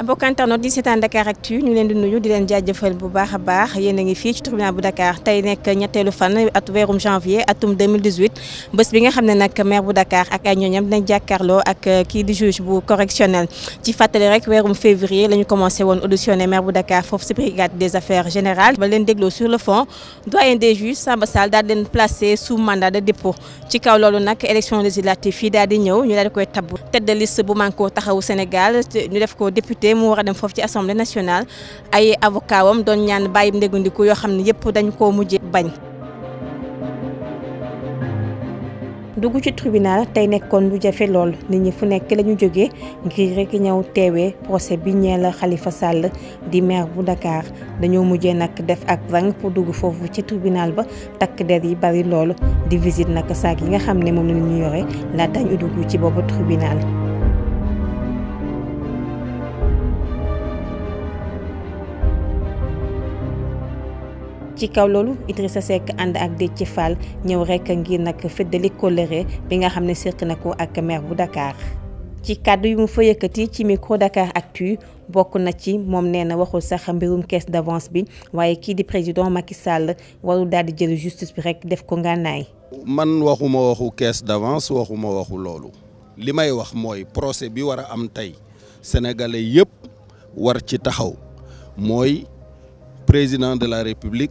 mbokk internaute di ak tu ñu leen di nuyu di leen jaajëfal bu baaxa baax yéen nga fi ci tribunal bu Dakar tay nek ñettelu fan at wérum janvier atum 2018 bëss bi nga xam nak maire bu Dakar ak ay ñoñam dinañ jakarlo ak euh, ki di juge bu correctionnel ci fatale rek wérum février lañu commencé won auditionné maire bu Dakar foofu si brigade des affaires générales ba leen dégloo sur le fond doyen des juges Samba Sall daal leen placer sous mandat de dépôt ci kaw lolu nak élection législative fi daal di ñëw ñu daal koy tabb tête de liste bu Manko taxaw Sénégal ñu def ko député député mu war a dem foofu ci assemblée nationale ay avocat doon ñaan bàyyi ndegandiku yoo xam ne yëpp dañu koo mujjee bañ. dugg ci tribunal tey nekkoon lu jafe lool nit ñi fu nekk la ñu jógee ngir rek ñëw teewe procès bi ñeel xalifa sàll di maire bu Dakar dañoo mujjee nag def ak rang pour dugg foofu ci tribunal ba takk der yi bari lool di visite nag saak yi nga xam ne moom la ñu yore laata ñu dugg ci boobu tribunal. ci kaw loolu Idrissa Seck ànd ak Déthié Fall ñëw rek ngir nag feddali kóllëre bi nga xam ne séq na ko ak maire bu Dakar. ci kàddu yu mu fa yëkkati ci micro Dakar Actu bokk na ci moom nee na waxul sax mbirum caisse d'avance bi waaye kii di président Macky Sall warul daal di jël justice bi rek def ko ngànnaay. man waxuma waxu caisse d'avance waxuma waxu loolu li may wax mooy procès bi war a am tey sénégalais yëpp war ci taxaw mooy président de la république.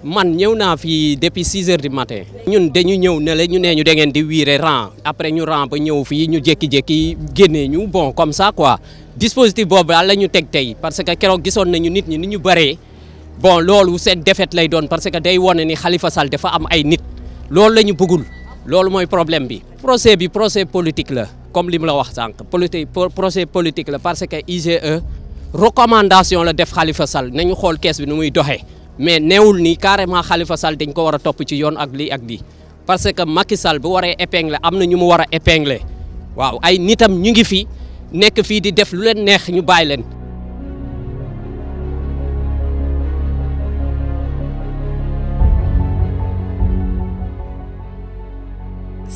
man ñëw naa fi depuis 6 h du matin ñun dañu ñew ne la ñu nee ñu di wiire rang après ñu rang ba ñew fi ñu jékki-jékki génné ñu bon comme ça quoi dispositif bobu daal la ñu teg parce que keroog gisoon nañu nit ñi ni ñu baré. bon lolu seen défaite lay doon parce que day woné ni Khalifa Sall dafa am ay nit lolu lañu bëggul lolu moy problème bi procès bi procès politique la comme lim la wax sànq politique procès politique la parce que IGE recommandation la def Khalifa Sall nañu xol caisse bi nu muy mais neewul nii carrément xalifa Sall dañ ko war a topp ci yoon ak lii ak lii parce que Macky Sall bu waree épingler am na ñu mu war a épingler waaw ay nitam ñu ngi fi nekk fii di def lu leen neex ñu bàyyi leen.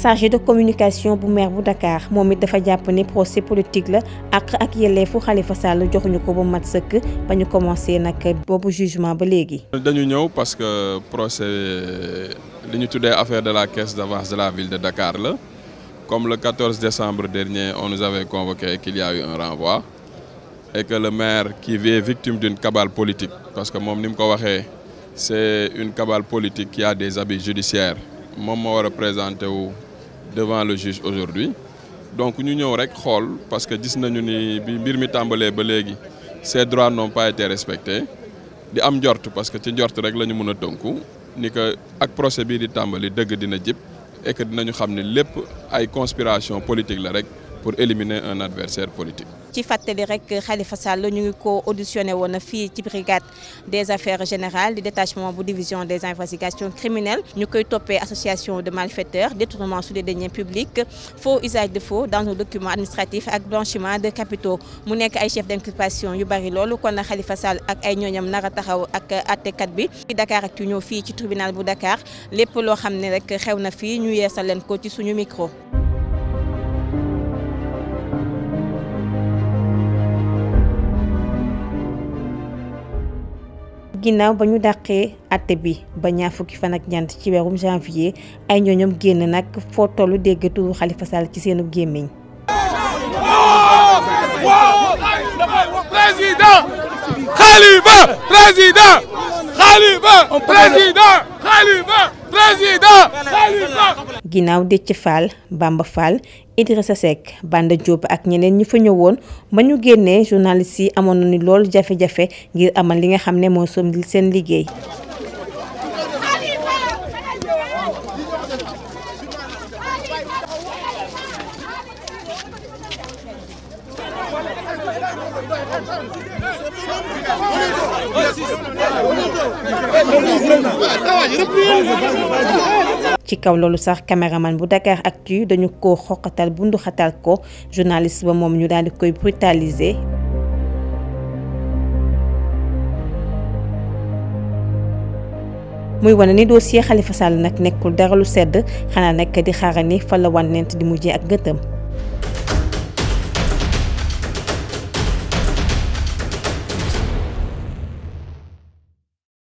chargé de communication du maire de Dakar a a dafa jàpp ne procès politique la ak ak yelleefu Khalifa Sall pour ko ba mat sëkk ba commencer jugement Nous sommes venus parce que procès est ñu affaire de la caisse d'avance de la ville de Dakar comme le 14 décembre dernier on nous avait convoqué qu'il y a eu un renvoi et que le maire qui vit victime d'une cabale politique parce que moom ni ko c'est une cabale politique qui a des habits judiciaires Je moo représente devant le juge aujourd'hui donc ñu ñëw rek xol parce que gis nañu ni bi mbir mi tambalé ba légui ces droits n'ont pas été respectés di am njort parce que ci njort rek lañu mëna mën ni que ak procès bi di tàmbali dëgg dina jëpp et que dinañu xamné ne lépp ay conspiration politique la rek pour éliminer un adversaire politique. ci fàttali rek Khalifa Sall ñu ngi auditionné woon fii ci brigade des affaires générales du détachement bu division des investigations criminelles ñu koy topé association de malfaiteurs détournement sous des deniers publics faux usage de faux dans un document administratif et blanchiment de capitaux mu nekk ay chef d'inculpation yu bari loolu kon Khalifa Sall ak ay ñooñam nar taxaw ak àttekat bi Dakar ak ci tribunal de Dakar les polos xam ne rek xew na fii ñu yeesal avons ko ci suñu micro. ginnaaw ba ñu dàqee atte bi ba ñaar fukki fan ak ñant ci weerum janvier ay ñooñom génn nag foo tollu dégg turu Khalifa Sall ci seenu gémmiñ président ginnaaw Déthié Fall Bamba Fall ca Seck Banda Diop ak ñeneen ñi fa ñëwoon ba ñu génnee journaliste yi amoon na ni loolu jafe-jafe ngir amal li nga xam ne moo soom seen liggéey ci kaw loolu sax kameraman bu Dakar Actu dañu ko xoqatal bundu xatal ko journaliste ba moom ñu daal di koy brutaliser. muy wane ni dossier xalifa Sall nag nekkul dara lu sedd xanaa nag di xaarani fala la wànnent di mujjee ak gëtëm.